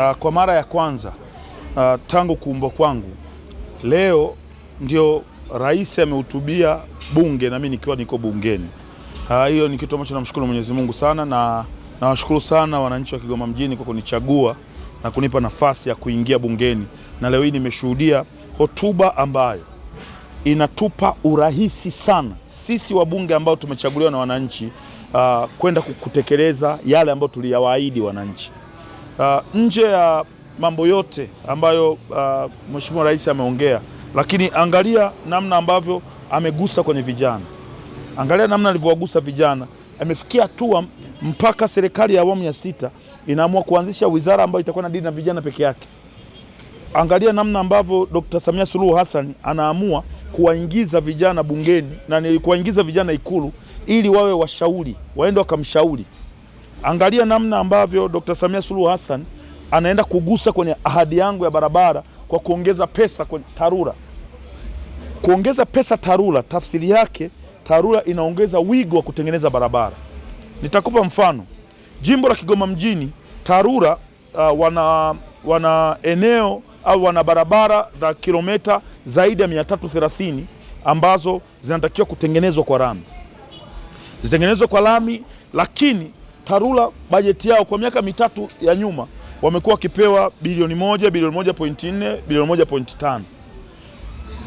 uh, kwa mara ya kwanza uh, tangu kuumbwa kwangu leo ndio rais amehutubia bunge na mimi nikiwa niko bungeni. Ah, hiyo uh, ni kitu ambacho namshukuru Mwenyezi Mungu sana na nawashukuru sana wananchi wa Kigoma mjini kwa kunichagua na kunipa nafasi ya kuingia bungeni, na leo hii nimeshuhudia hotuba ambayo inatupa urahisi sana sisi wabunge ambao tumechaguliwa na wananchi uh, kwenda kutekeleza yale ambayo tuliyawaahidi wananchi. Uh, nje ya mambo yote ambayo uh, Mheshimiwa Rais ameongea, lakini angalia namna ambavyo amegusa kwenye vijana, angalia namna alivyowagusa vijana. Amefikia hatua mpaka serikali ya awamu ya sita inaamua kuanzisha wizara ambayo itakuwa na dini na vijana peke yake. Angalia namna ambavyo Dr. Samia Suluhu Hassan anaamua kuwaingiza vijana bungeni na kuwaingiza vijana Ikulu ili wawe washauri, waende wakamshauri Angalia namna ambavyo Dr. Samia Suluhu Hassan anaenda kugusa kwenye ahadi yangu ya barabara kwa kuongeza pesa kwenye TARURA. Kuongeza pesa TARURA, tafsiri yake TARURA inaongeza wigo wa kutengeneza barabara. Nitakupa mfano, jimbo la Kigoma mjini TARURA uh, wana, wana eneo au wana barabara za kilometa zaidi ya 330 ambazo zinatakiwa kutengenezwa kwa lami, zitengenezwa kwa lami, lakini TARURA bajeti yao kwa miaka mitatu ya nyuma wamekuwa wakipewa bilioni moja, bilioni moja pointi nne, bilioni moja pointi tano.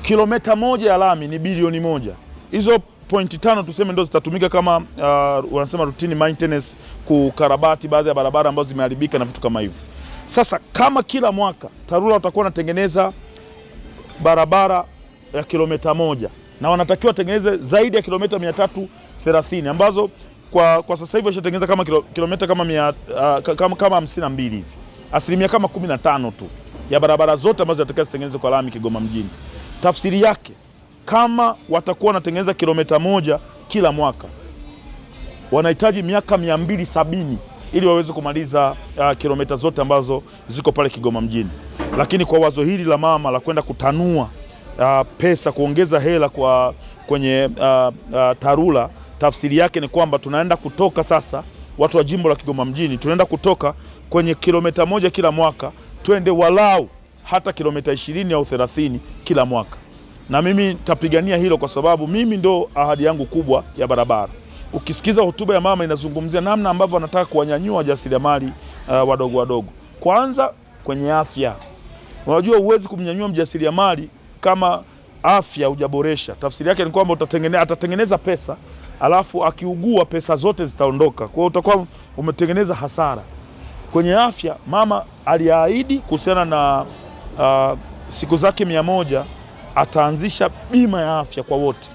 Kilometa moja ya lami ni bilioni moja. Hizo pointi tano tuseme ndo zitatumika kama uh, wanasema routine maintenance, kukarabati baadhi ya barabara ambazo zimeharibika na vitu kama hivyo. Sasa kama kila mwaka TARURA watakuwa wanatengeneza barabara ya kilometa moja na wanatakiwa watengeneze zaidi ya kilometa mia tatu thelathini ambazo kwa, kwa sasa hivi ashatengeneza kama kilomita kama mia, uh, kama, kama hamsini na mbili hivi, asilimia kama kumi na tano tu ya barabara zote ambazo zinatakiwa zitengenezwe kwa lami Kigoma mjini. Tafsiri yake kama watakuwa wanatengeneza kilomita moja kila mwaka wanahitaji miaka mia mbili sabini ili waweze kumaliza uh, kilomita zote ambazo ziko pale Kigoma mjini. Lakini kwa wazo hili la mama la kwenda kutanua uh, pesa kuongeza hela kwa kwenye uh, uh, TARURA tafsiri yake ni kwamba tunaenda kutoka sasa, watu wa jimbo la Kigoma mjini tunaenda kutoka kwenye kilomita moja kila mwaka twende walau hata kilomita ishirini au thelathini kila mwaka, na mimi tapigania hilo kwa sababu mimi ndo ahadi yangu kubwa ya barabara. Ukisikiza hotuba ya mama inazungumzia namna ambavyo anataka kuwanyanyua wajasiriamali uh, wadogo wadogo, kwanza kwenye afya. Unajua huwezi kumnyanyua mjasiriamali kama afya hujaboresha. Tafsiri yake ni kwamba utatengeneza, atatengeneza pesa alafu akiugua pesa zote zitaondoka. Kwa hiyo utakuwa umetengeneza hasara kwenye afya. Mama aliahidi kuhusiana na uh, siku zake mia moja ataanzisha bima ya afya kwa wote,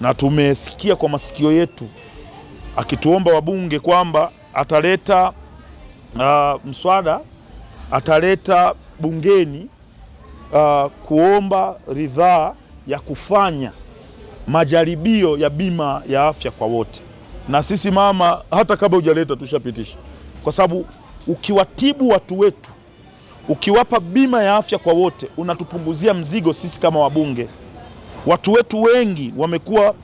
na tumesikia kwa masikio yetu akituomba wabunge kwamba ataleta uh, mswada ataleta bungeni uh, kuomba ridhaa ya kufanya majaribio ya bima ya afya kwa wote, na sisi mama, hata kabla hujaleta tushapitisha, kwa sababu ukiwatibu watu wetu, ukiwapa bima ya afya kwa wote, unatupunguzia mzigo sisi kama wabunge. Watu wetu wengi wamekuwa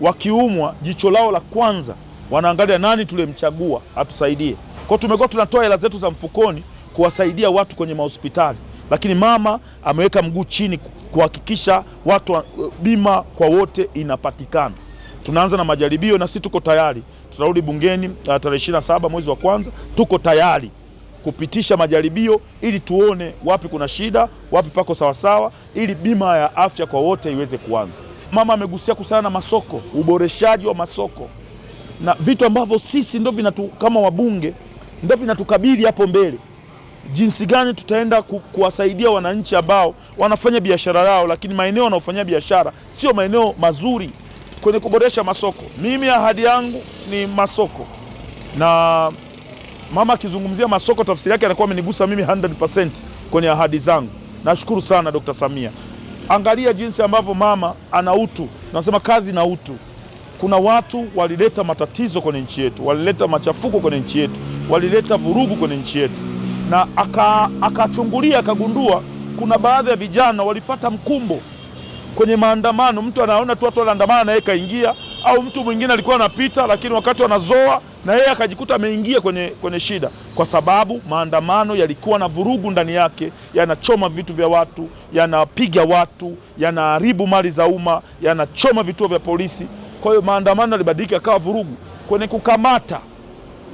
wakiumwa, jicho lao la kwanza wanaangalia nani tulemchagua atusaidie. Kwa tumekuwa tunatoa hela zetu za mfukoni kuwasaidia watu kwenye mahospitali lakini mama ameweka mguu chini kuhakikisha watu eh, bima kwa wote inapatikana. Tunaanza na majaribio na sisi tuko tayari, tunarudi bungeni eh, tarehe ishirini na saba mwezi wa kwanza. Tuko tayari kupitisha majaribio ili tuone wapi kuna shida, wapi pako sawasawa, ili bima ya afya kwa wote iweze kuanza. Mama amegusia kuhusiana na masoko, uboreshaji wa masoko na vitu ambavyo sisi ndio vinatu kama wabunge ndo vinatukabili hapo mbele jinsi gani tutaenda ku, kuwasaidia wananchi ambao wanafanya biashara yao, lakini maeneo wanaofanyia biashara sio maeneo mazuri. Kwenye kuboresha masoko, mimi ahadi yangu ni masoko, na mama akizungumzia masoko tafsiri yake anakuwa amenigusa mimi 100% kwenye ahadi zangu. Nashukuru sana Dr. Samia, angalia jinsi ambavyo mama ana utu, nasema kazi na utu. Kuna watu walileta matatizo kwenye nchi yetu, walileta machafuko kwenye nchi yetu, walileta vurugu kwenye nchi yetu na akachungulia aka akagundua kuna baadhi ya vijana walifata mkumbo kwenye maandamano. Mtu anaona tu watu wanaandamana, na yeye kaingia, au mtu mwingine alikuwa anapita, lakini wakati wanazoa na yeye akajikuta ameingia kwenye, kwenye shida, kwa sababu maandamano yalikuwa na vurugu ndani yake, yanachoma vitu vya watu, yanapiga watu, yanaharibu mali za umma, yanachoma vituo vya polisi. Kwa hiyo maandamano yalibadilika akawa vurugu. Kwenye kukamata,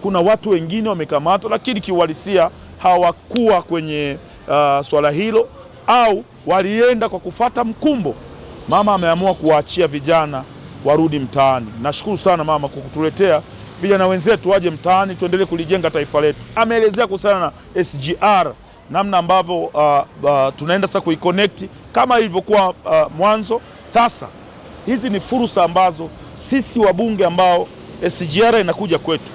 kuna watu wengine wamekamatwa, lakini kiuhalisia hawakuwa kwenye uh, swala hilo au walienda kwa kufata mkumbo. Mama ameamua kuwaachia vijana warudi mtaani. Nashukuru sana mama kwa kutuletea vijana wenzetu waje mtaani, tuendelee kulijenga taifa letu. Ameelezea kuhusiana na SGR namna ambavyo uh, uh, tunaenda sasa kuiconnect kama ilivyokuwa uh, mwanzo. Sasa hizi ni fursa ambazo sisi wabunge ambao SGR inakuja kwetu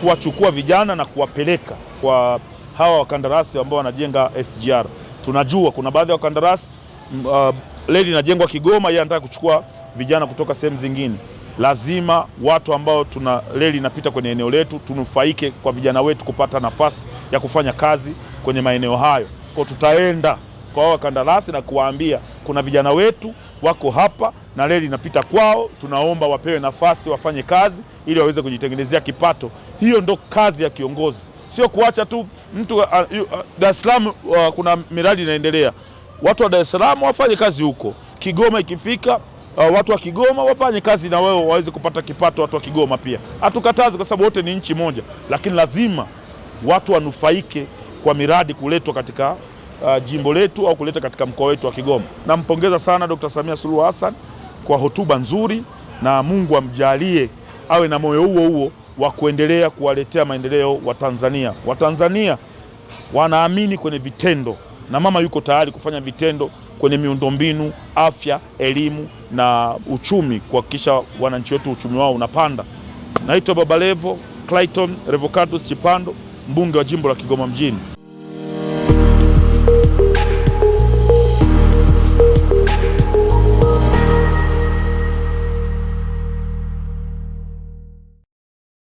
kuwachukua vijana na kuwapeleka kwa hawa wakandarasi ambao wanajenga SGR. Tunajua kuna baadhi ya wakandarasi uh, reli inajengwa Kigoma, yeye anataka kuchukua vijana kutoka sehemu zingine. Lazima watu ambao tuna reli inapita kwenye eneo letu tunufaike kwa vijana wetu kupata nafasi ya kufanya kazi kwenye maeneo hayo. Kwa tutaenda kwa wakandarasi na kuwaambia kuna vijana wetu wako hapa na reli inapita kwao, tunaomba wapewe nafasi wafanye kazi ili waweze kujitengenezea kipato. Hiyo ndo kazi ya kiongozi, sio kuacha tu mtu. Uh, uh, uh, Dar es Salaam uh, kuna miradi inaendelea, watu wa Dar es Salaam wafanye kazi huko. Kigoma ikifika Uh, watu wa Kigoma wafanye kazi na wao waweze kupata kipato. Watu wa Kigoma pia hatukatazi, kwa sababu wote ni nchi moja, lakini lazima watu wanufaike kwa miradi kuletwa katika uh, jimbo letu au kuleta katika mkoa wetu wa Kigoma. Nampongeza sana Dr. Samia Suluhu Hassan kwa hotuba nzuri, na Mungu amjalie awe na moyo huo huo wa kuendelea kuwaletea maendeleo wa tanzania Watanzania wanaamini kwenye vitendo, na mama yuko tayari kufanya vitendo kwenye miundombinu, afya, elimu na uchumi, kuhakikisha wananchi wetu uchumi wao unapanda. Naitwa Baba Levo Clayton Revocatus Chipando, mbunge wa jimbo la Kigoma mjini.